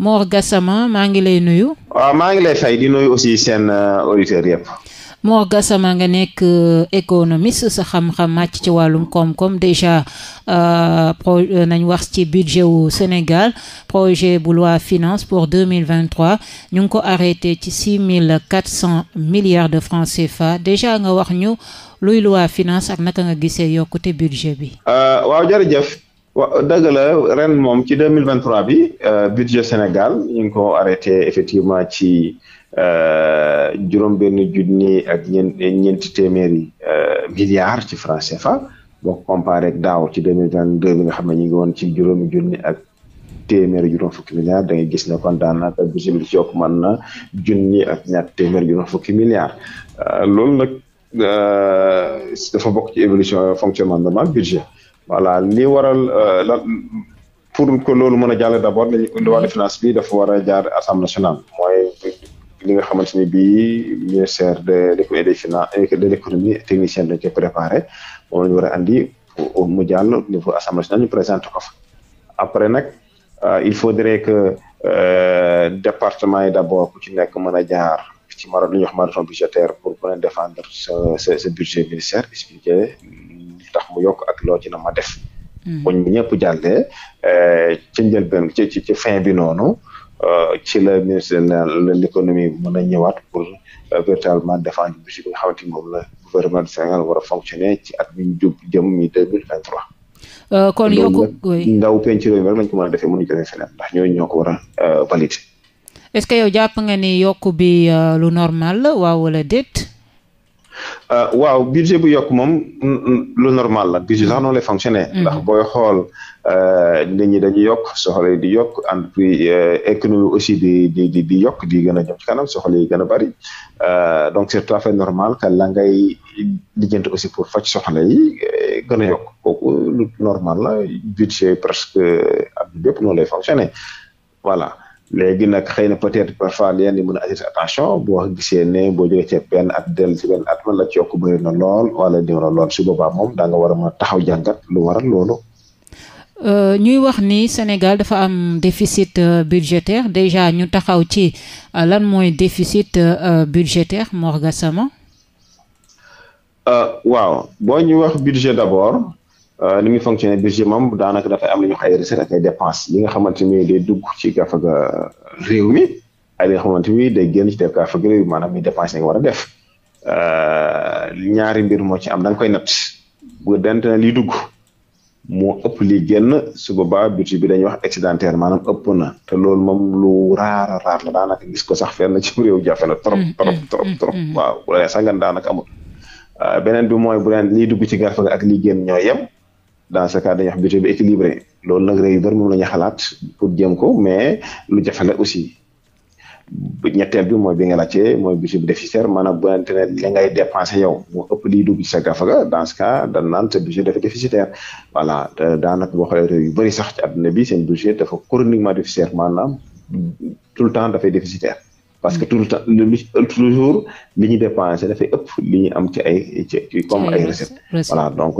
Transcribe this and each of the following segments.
Mor Gassama maa ngi lay nuyu. waaw maa ngi lay fay di nuyu aussi seen euh, auditeurs yëpp. Mor Gassama nga nekk euh, économiste sa xam-xam màcc ci wàllum koom-koom déjà euh, pro nañ wax ci budget wu Sénégal projet bu loi finance pour 2023 ñu ngi ko arrêté ci six mille quatre cent milliards de français fa déjà nga wax ñu luy loi finance ak naka nga gisee yokkute budget bi. waaw jërëjëf. waaw dëgg la ren moom ci deux mille vingt trois bi euh, budget Sénégal ñu ngi ko arrêté effectivement ci euh, juróom benn junni ak ñeent ñeenti téeméeri euh, milliards ci franc CFA boo ko daaw ci deux mille vingt deux bi ñu ngi woon ci juróomi junni ak téeméeri juróom fukki milliards danga ngay gis ne kon daanaka budget bi ci yokk mën na junni ak ñaar téeméeri juróom fukki milliards loolu nag dafa bokk ci évolution fonctionnement normal budget voilà li waral euh, lan pour ko loolu mën a jàll d' abord lañu wàllu finance bi dafa war a jaar assemblée nationale mooy li nga xamante ni bii ministère de l' économie des finances de l' économie technicien dañ koy préparé moom la ñu war mu jàll au niveau assemblée nationale ñu présenté ko fa après nag euh, il faudrait que euh, département yi d' abord ku ci nekk mën a jaar ci mara lu ñuy wax marathon budgétaire pour mën a défendre sa sa sa budget ministère expliqué tax mu yokk ak loo ci na ma def. bu hmm. ñëpp jàllee eh, ci njëlbeen ci ci fin bi noonu euh, ci la ministre de l'économie mën a ñëwaat pour euh, véritablement défendre budget bi moom la gouvernement Sénégal war a fonctionner ci at mi ñu jub jëm mi deux mille vingt trois. Euh, kon yokku ndaw penc réew mi rek lañ ko a defee mënuñu ko defee feneen ndax ñooñu ñoo ko a yow jàpp ni yokku bi lu normal waaw wala déet. Euh, waaw budget bu yokk moom mm, mm, lu normal la budget sax noonu lay fonctionner mhm. ndax booy xool euh, nit ñi dañuy yokk soxla yi di yokk entreprise euh, économie aussi di di di di yokk di gën a jëm ci kanam soxla gën a bari donc c'est tout à fait normal que la ngay lijjanti aussi pour faj soxla yi gën a yokk kooku lu normal la budget presque a bi bépp noonu lay fonctionner voilà léegi nag xëy na peut-être parfois leen di mën a attirer attention boo gisee ne boo jógee ci benn at dellu ci benn at wala ci yokk bëri na lool wala néew na lool su boobaa moom daa nga war taxaw jàngat lu waral loolu. Euh, ñuy wax ni Sénégal dafa am déficit euh, budgétaire déjà ñu taxaw ci euh, lan mooy déficit budgétaire Mor Gassama. waaw boo ñu wax budget d'abord. Euh, ni muy fonctionné budget moom daanaka dafay am lu ñu xay a ak ay dépense li nga xamante ni day dugg ci gafaga réew mi ak li nga xamante ni day génn ci def gafaga réew mi maanaam muy dépense yi a def euh, ñaari mbir moo ci am da koy natt bu dent na liy dugg moo ëpp li génn su boobaa budget bi dañuy wax excédentaire maanaam ëpp na te loolu moom lu raar a gis ko sax fenn ci réew jafe na mm-hmm. Mm-hmm. Mm-hmm. waaw bu la daanaka euh, beneen bi mooy bu leen liy dugg ci garfa ak liy génn ñoo yem dans ce cas dañuy wax budget bi équilibré loolu nag réew yu bëri moom la ñu xalaat pour jéem ko mais lu jafe la aussi ñetteel bi mooy bi nga laajte mooy budget bi déficitaire mana bu nante ne li ngay yow moo ëpp liy dugg ci sa gafaga dans ce cas dañ naan sa budget dafa déficitaire voilà daanaka boo xoolee réew yu bëri sax ci àdduna bi seen budget dafa chroniquement déficitaire maanaam tout le temps dafay déficitaire parce que mm. tout le temps lu toujours li ñu dépensé dafay ëpp li ñu am ci ay ci comme ay recettes voilà donc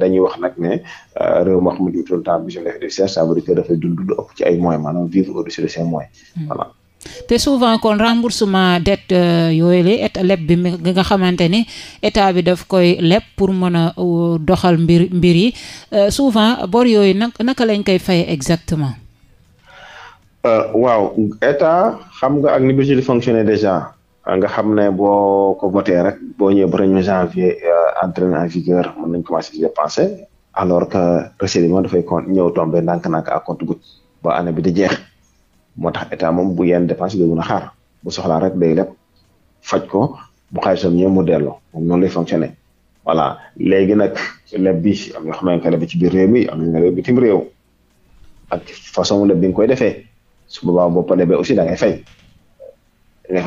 dañuy wax nag ne euh, réew moo xam ne dafay dund lu ci ay moyens maanaam vivre au-dessus de ses moyens mm. te souvent kon remboursement dette euh, yooyu le état leb bi nga xamante ni état bi def koy leb pour mën a euh, doxal mbir mbir yi souvent bor yooyu nag naka lañ koy faye exactement Euh, waaw état xam nga ak ni budget di fonctionner déjà nga xam ne boo ko voté rek boo ñëwee ba premier janvier euh, entré en vigueur mën nañ commencé di dépenser alors que procédure dafay kon ñëw tombé ndànk-ndànk à compte-gouttes ba année bi di jeex moo tax état moom bu yen dépense doo mën a xaar bu soxlaa rek day lépp faj ko bu xaalisam ñëw mu delloo moom noonu lay fonctionner voilà léegi nag leb bi am yoo xam ne nga leb ci biir réew mi am na nga leb bitim réew façon leb bi nga koy defee su boobaa boo ko lebee aussi da ngay fay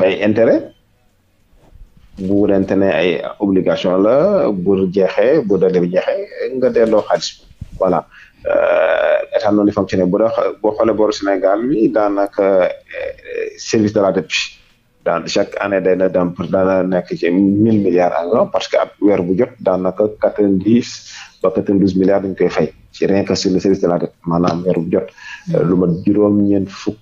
fay intérêt bu ne ay obligation la bu jeexee bu dale bi jeexee nga delloo xaalis voilà euh, état noonu di fonctionné bu da boo xoolee boru Sénégal bi daanaka euh, service de la dette daan chaque année day na daan daana nekk mille milliards environ parce que ab weer bu jot daanaka quatre vingt dix ba quatre vingt milliards dañ koy fay ci rien maanaam weer bu jot Euh, lu mat juróom-ñeent fukk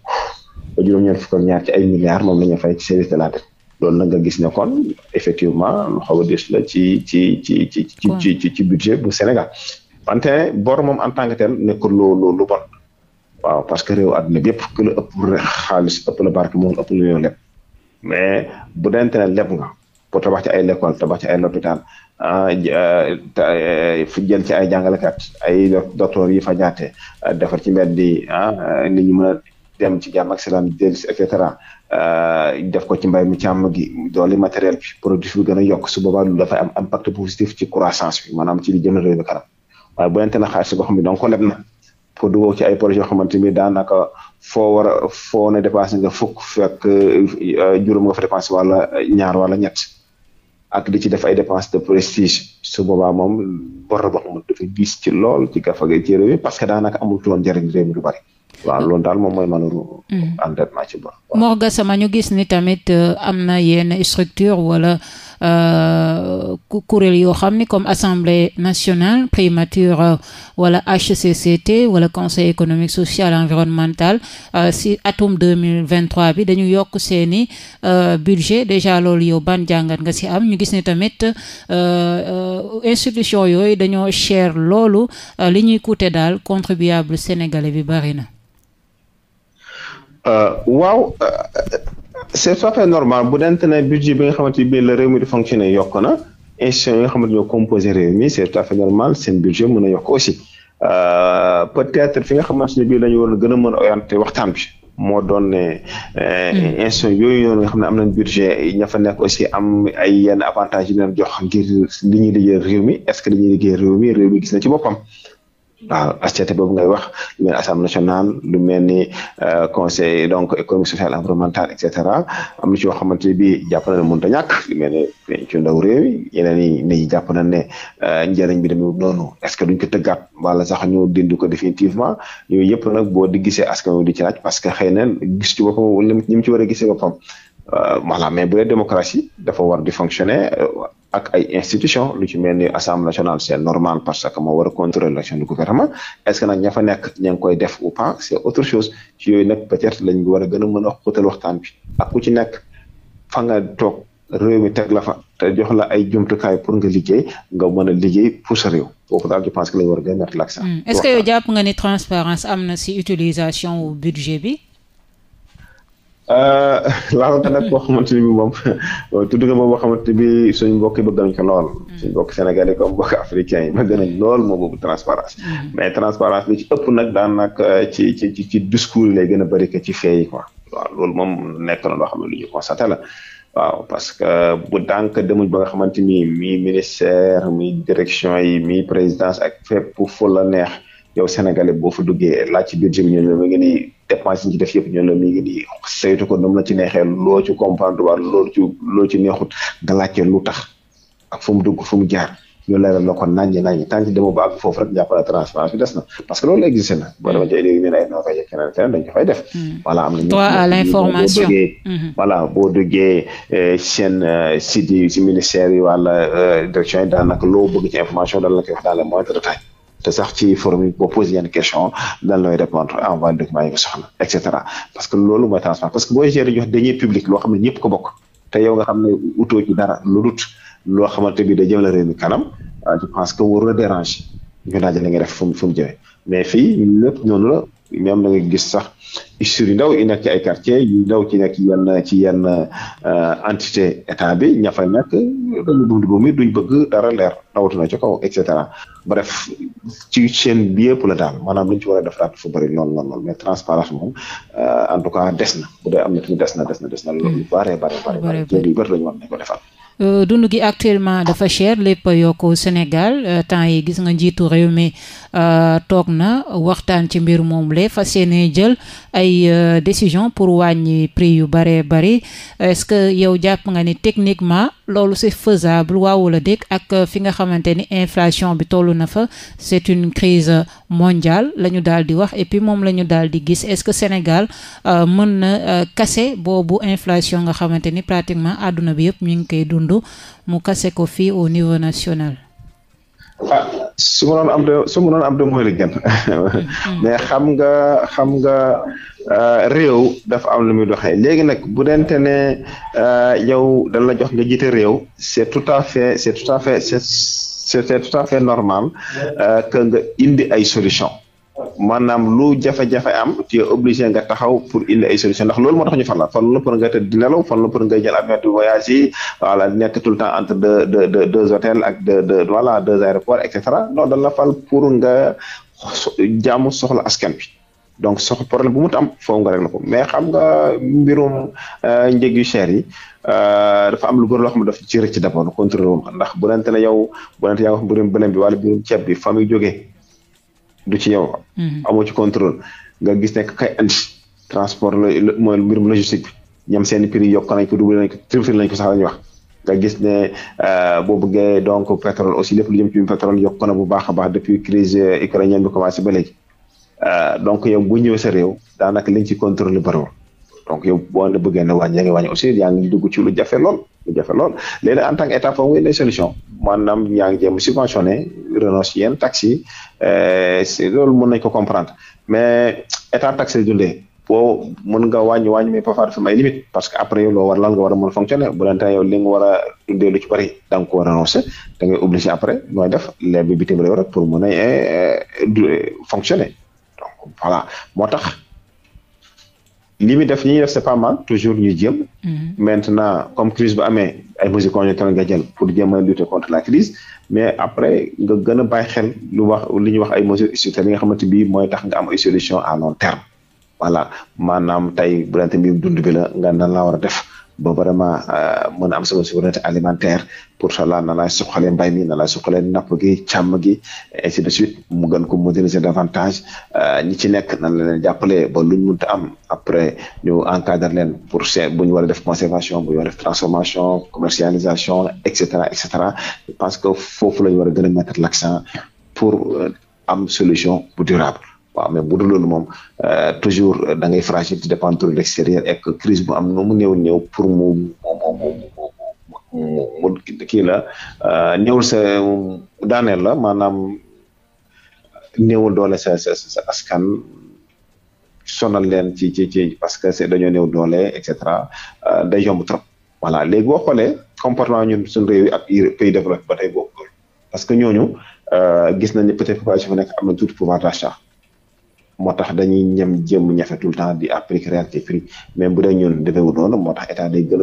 ba juróom-ñeent fukk ak ñaar ci ay milliards moom la ñu fay ci service de la dette loolu na nga gis ne kon effectivement lu xaw a des la ci ci ci ci ci ci ci budget bu Sénégal wante bor moom en tant que tel nekkul lu lu lu bon waaw parce que réew àdduna bi yëpp ku la ëpp xaalis ëpp la barke moom ëpp lu yow lépp mais bu dente ne lépp nga pour tabax ci ay lekkool tabax ci ay lopitaan Ah, ah, eh, jël ci ay jàngalekat ay docteur yi fa ñaate ah, defar ci mbedd yi ah nit ñi mën a dem ci jàmm ak salaam dellusi et cetera def ko ci mbay mi càmm gi doole matériel bi produit bi gën a yokk su boobaa loolu dafay am impact positif ci croissance bi maanaam ci li jëm réew mi kanam waaye bu nente na xaalis boo xam ne donc ko leb na ko dugoo ci ay projet yoo xamante ni daanaka foo war a foo ne dépense nga fukk fekk eh, juróom nga fa wala ñaar wala ñett ak di ci def ay dépenses de prestige su boobaa moom bor a xamante dafa gis ci lool ci gafaga ci réew mi parce que daanaka amul woon njëriñ réew mi lu bari waaw loolu daal moom mooy manaru mm. endettement ci bor Mor Gassama ñu gis ni tamit euh, am na yenn structure wala Euh, kuréel yoo xam ni comme assemblée nationale primature euh, wala HCCT wala conseil économique social environnemental euh, si atum 2023 bi dañu yokk seeni budget déjà loolu yow ban jàngat nga si am ñu gis ne tamit institution yooyu dañoo cher loolu li ñuy coûter daal contribuable sénégalais bi bari na waaw c'est tout à normal bu dente ne budget bi nga xamante ni bii la réew mi di fonctionner yokk na institution yi nga xamante ñoo composé réew mi c'est yokk aussi euh, peut-être fi nga xamante ne bii la ñu war a gën a mën a orienté waxtaan moo doon ne euh, institution yooyu noonu nga xam ne am nañ budget ña fa nekk aussi am ay yenn avantages yi leen jox ngir li ñuy liggéey réew mi est-ce que li ñuy liggéey réew mi réew mi ci boppam waaw HCT boobu ngay wax lu mel ni lu mel ni euh, conseil donc économique social environnemental et cetera am na ci yoo xamante ne bii jàpp na ne mënut a ñàkk lu mel ne ci ndaw yi yeneen jàpp na ne euh, njëriñ bi demee noonu est ce que duñ ko tëggaat wala sax ñu dindi ko définitivement yooyu yëpp nag boo di gisee askan wi ci laaj parce que xëy na gis ci boppam wala ñi mu ci war a gisee boppam euh, voilà mais bu dee démocratie dafa war di fonctionner. ak ay institution lu ci mel ni nationale c'est normal parce que moo war a contrôler du gouvernement est que nag ña nekk ña koy def autre chose ci yooyu nag peut-être lañ war a gën waxtaan bi nekk fa nga toog réew mi teg la fa te jox la ay jumtukaay pour nga liggéey nga mën a liggéey pour sa réew foofu daal je pense que lañ war a gën a mettre hmm. am na si utilisation budget bi. Euh, laalata nag boo xamante ni bi moom tudd nga moom boo xamante bi suñu mbokk yi bëgg nañ ko lool mm. suñu mbokk sénégalais comme mbokk yi bëgg nañ lool moom boobu transparence mm. mais transparence li ci ëpp nag daan nag euh, ci ci ci discours yi lay gën a bëri que ci fee moom nekk na loo xam ne lu ñu constaté la waaw parce que euh, bu tànk demuñ ba nga xamante ni mi ministère mi direction yi mi présidence ak fépp fu la neex yow sénégalais boo fa duggee laaj ci budget bi ñoo ñoo ngi nii dépense yi ñu def yëpp ñun la mi ngi nii saytu la ci neexee ci comprendre waat loo ci neexut nga laajte lu tax ak fu mu dugg fu mu jaar ñu leeral la ko naññi naññi tant que dama ba àgg foofu rek jàppale transparence bi des na parce que loolu existé na boo demee ci ay ñu ne ay Norvège keneen keneen dañ ko fay def. Hmm. voilà am na ñu. droit à l'information hmm. voilà seen euh, euh, yi si ministère yi wala euh, direction yi daanaka loo bëgg ci information daal la koy wax dans les moindres détails. te sax ci forum yi boo posé yenn question lan looy répondre envoyé document yi nga soxla et cetera parce que loolu mooy transparence parce que booy gérer jox deniers publics loo xam ne ñëpp ko bokk te yow nga xam ne utoo ci dara lu dut loo xamante bi da jëmale réew kanam ah, je que warul a déranger ñu laaj la nga def fu mu fu mu mais fii lépp noonu la ñoom da nga gis sax structures ndaw yi nekk ci ay quartier yu ndaw ci nekk yenn ci yenn euh, entité état bi ña fa nekk dañu dund ba muy duñ bëgg dara leer rawatina ci kaw et cetera bref ci chaîne bi yëpp la daal maanaam li ñu ci war a def daal dafa bëri lool lool lool mais transparence moom euh, en tout cas des na bu dee am na tamit des na des na des na loolu yu ko defal Euh, dund gi actuellement dafa cher lépp yokk Sénégal euh, temps yi gis nga njiitu réew mi euh, toog na waxtaan ci mbir moom le fas yéene jël ay décision pour wàññi prix yu bare bari est-ce que yow jàpp nga ni techniquement loolu c'est faisable waaw la déet ak euh, fi nga xamante ni inflation bi toll na fa c'est une crise euh, mondiale la ñu daal di wax et puis moom la ñu daal di gis est-ce que Sénégal euh, mën na kase boobu inflation nga xamante ni pratiquement àdduna bi yëpp ñu ngi koy dund mu kase ko fii au niveau national. Ah, su ma am de su ma doon am de mooy la mais xam nga xam nga euh, réew dafa am lu muy doxee léegi nag bu dente ne euh, yow dañ la jox nga jiite réew c'est tout à fait c'est tout à fait c'est c'est tout à normal euh, que nga indi ay solution maanaam lu jafe-jafe am tu es obligé nga taxaw pour indi ay solution ndax loolu moo a ñu fal la fal la pour nga tëdd di nelaw fal la pour nga jël avion di entre deux deux deux deux hôtels ak deux deux voilà deux pour nga jaamu soxla askan bi donc sox problème bu mu am foofu rek na ko mais xam nga mbirum euh, njëg yu cher yi euh, dafa am lu bëri loo xam ne daf ci rëcc d'abord contrôlé wu ndax bu nante ne yow bu nante yaa bi wala ceeb bi fa muy du ci yow. Mm-hmm. amoo ci contrôle nga gis ne kay andi transport la mooy mbirum logistique bi seen prix yokk nañ ko doublé nañ la ñuy wax. nga gis ne euh, boo bëggee donc pétrole aussi lépp lu na bu baax a baax depuis crise euh, ukrainienne bi commencé ba léegi euh, donc yow bu ñëwee sa réew daanaka liñ ci contrôle bariwul donc yow boo na bëggee ne wàññi yaa ngi wàññi aussi yaa ngi dugg ci lu jafe lool lu jafe état foofu ngay solution maanaam ñaa ngi jéem a subventionné renonce yenn taxes euh, yi si loolu mën nañ ko comprendre mais état taxe lay dundee boo mën nga wàññi wàññi mais parfois dafa am ay limite parce que après yow loo war lan nga war a mën fonctionner bu leen tey yow li nga war a dundee lu ci bëri nga ko renoncer da ngay obligé après nooy def les bi bitim réew rek pour mën a euh, fonctionner donc voilà moo tax li muy def ñuy def c'est pas mal toujours ñu jëm. Mhm. maintenant comme crise bu amee ay mesures conjoncturelles nga jël pour jéem a lutter contre la crise mais après nga gën a bàyyi xel lu wax li ñuy wax ay mesures structurelles yi nga xamante bi mooy tax nga am ay solution à long terme voilà maanaam tey bu dante dund bi la nga nan la war a def ba vraiment euh, mën a am sama souveraineté alimentaire pour cela na laay suqalee mbay mi na laay suqalee napp gi càmm gi ainsi de suite mu gën ko moderniser davantage euh, ñi ci nekk nan la leen jàppale ba luñ mënta am après ñu encadre leen pour se bu ñu war a def conservation bu ñu a def transformation commercialisation et cetera et cetera je que foofu la ñu war a gën a mettre l'accent pour euh, am solution bu durable waaw mais bu dul loolu moom euh, toujours da ngay fragile di dépendre de l'extérieur et que crise bu am nu mu néew néew pour mu mu mu mu kii la euh, néewul sa daaneel la maanaam néewul doole sa sa sa askan sonal leen ci ci ci parce que c'est dañoo néew doole et cetera euh, day yomb trop voilà léegi boo xoolee comportement ñun suñu réew yi ak pays développé ba tey boobu parce que ñooñu gis nañu peut-être population bi nekk am na tuuti pouvoir d'achat moo tax dañuy ñem jëm ñafe tout temps di appliquer réalité prix mais bu dee ñun defewu noonu moo tax état day gën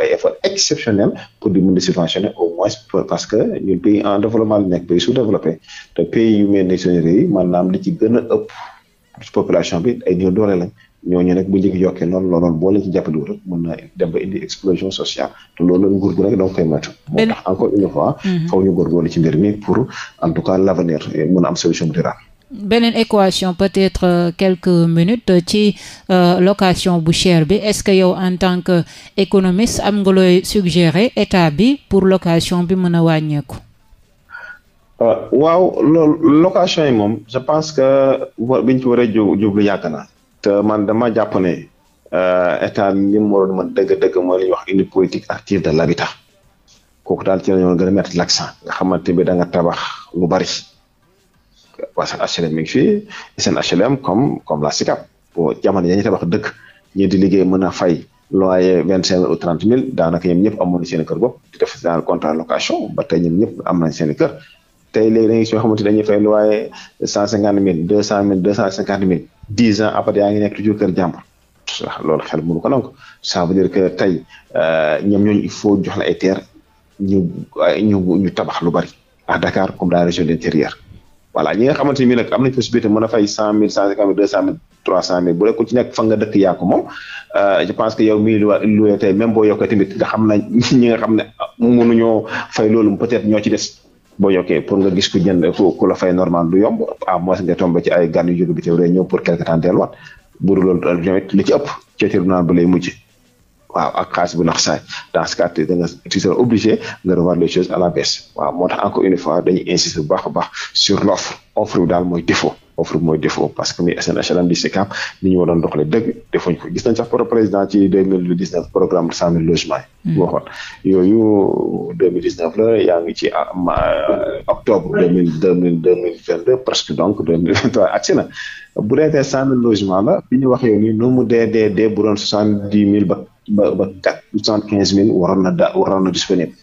a effort exceptionnel pour di mën di parce que ñun pays en développement la nekk pays sous-développé te pays yu mel ni suñu bi ay néew bu njëkk yokkee noonu l' avenir a am solution bu durable. beneen équation peut-être euh, quelques minutes ci euh, location bu cher bi est-ce que yow en tant que économiste am nga looy suggérer état bi pour location bi mën a wàññeeku. Euh, waaw loolu location yi moom je pense que war biñ ci war a jublu yàgg na. te man dama jàpp ne état li mu waroon mën dëgg-dëgg mooy li wax une politique active de l'habitat kooku daal ci la ñu war a gën a mettre l'accent nga xamante bi da nga tabax lu bari. waa seen HLM mi ngi fii seen HLM comme comme la SICAP boo jamono yi dañuy tabax dëkk ñii di liggéey mën a fay loyer vingt cinq mille mille daanaka ñoom ñëpp amoon seen kër bopp di def dans contrat location ba tey ñoom ñëpp am nañ seen kër tey léegi dañuy soo xamante dañuy fay loyer cent cinquante mille deux cent cinquante mille dix ans après yaa ngi nekk toujours kër jàmbur loolu xel mënu ko nangu ça dire que tey euh, ñoom ñooñu il faut jox la ay terre ñu ñu ñu tabax lu bari à Dakar comme dans la région voilà ñi nga xamante ni nag am nañ possibilité mën a fay cent mille cent cinquante mille deux cent mille trois cent mille bu dee ku nekk fa nga dëkk yaa moom euh, je pense que yow mii luwe tey même boo yokkee tamit nga xam na ñi nga xam ne mënuñoo fay loolu peut-être ñoo ci des boo yokkee pour nga gis ku jënd ku la fay normal du yomb à moins nga tombé ci ay gan bi teew rek ñëw pour quelque temps delluwaat bu dul loolu tamit li ci ëpp ca tribunal ba lay waaw ak xaalis bu nax saay dans cas da nga tu nga revoir les choses à la baisse waaw moo tax encore une a baax sur l'offre offre mooy défaut offre bi mooy parce que muy SNHLM di SICAP ni ñu waroon doxalee dëgg defuñ ko de cent hmm. ngi ci ah, euh, octobre deux mille deux mille deux donc deux mille vingt trois agsi na dee cent bi ñu wax yow nii nu mu dee dee soixante dix mille ba. ba ba quatre soixante quinze mille waroon na da waroon na disponible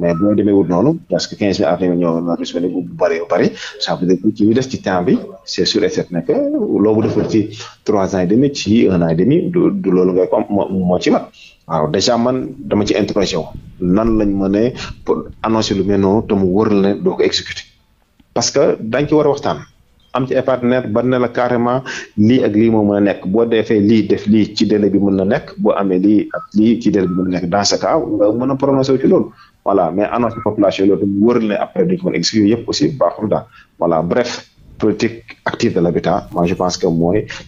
mais bu ñu demee wut noonu parce que quinze mille à vingt mille ñoo disponible bu bëree bëri ça ci ñu temps bi c'est sûr et certain que loolu defal ci trois ans et demi ci un an demi du du loolu ngay ko am moo ci mat waaw déjà man dama ci interrogé wu nan lañ ma pour annoncer lu mel noonu te mu wër la ne doo ko parce que dañ ci war a waxtaan. am ci ay partenaire ba ne la carrément lii ak lii moo mën a nekk boo defee lii def lii ci délai bi mën na nekk boo amee lii ak lii ci délai bi mën na nekk dans ce cas nga mën a prononcé wu ci loolu voilà mais annonce population loolu tam wër ne après dañu ko mën a exécuter yëpp aussi baaxul daal voilà bref politique active de que mooy li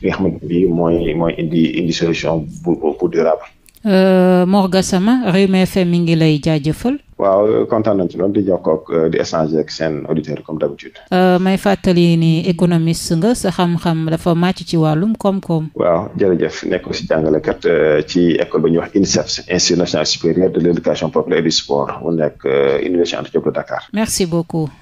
nga xamante bi mooy mooy indi indi solution bu bu durable. Euh, Mor Gassama Rewmi FM mi lay jaajëfal. waaw kontaan nañ ci loolu di jokkoo ak euh, di échanger ak seen auditeurs comme d'habitude euh, may fàttali ni économiste nga sa xam-xam dafa màcc ci wàllum koom-koom. waaw jërëjëf nekk jàngale jàngalekat euh, ci école ba ñu wax INSEPS Institut national de l' éducation populaire et du sport mu nekk Université Anta Diop de Dakar. merci beaucoup.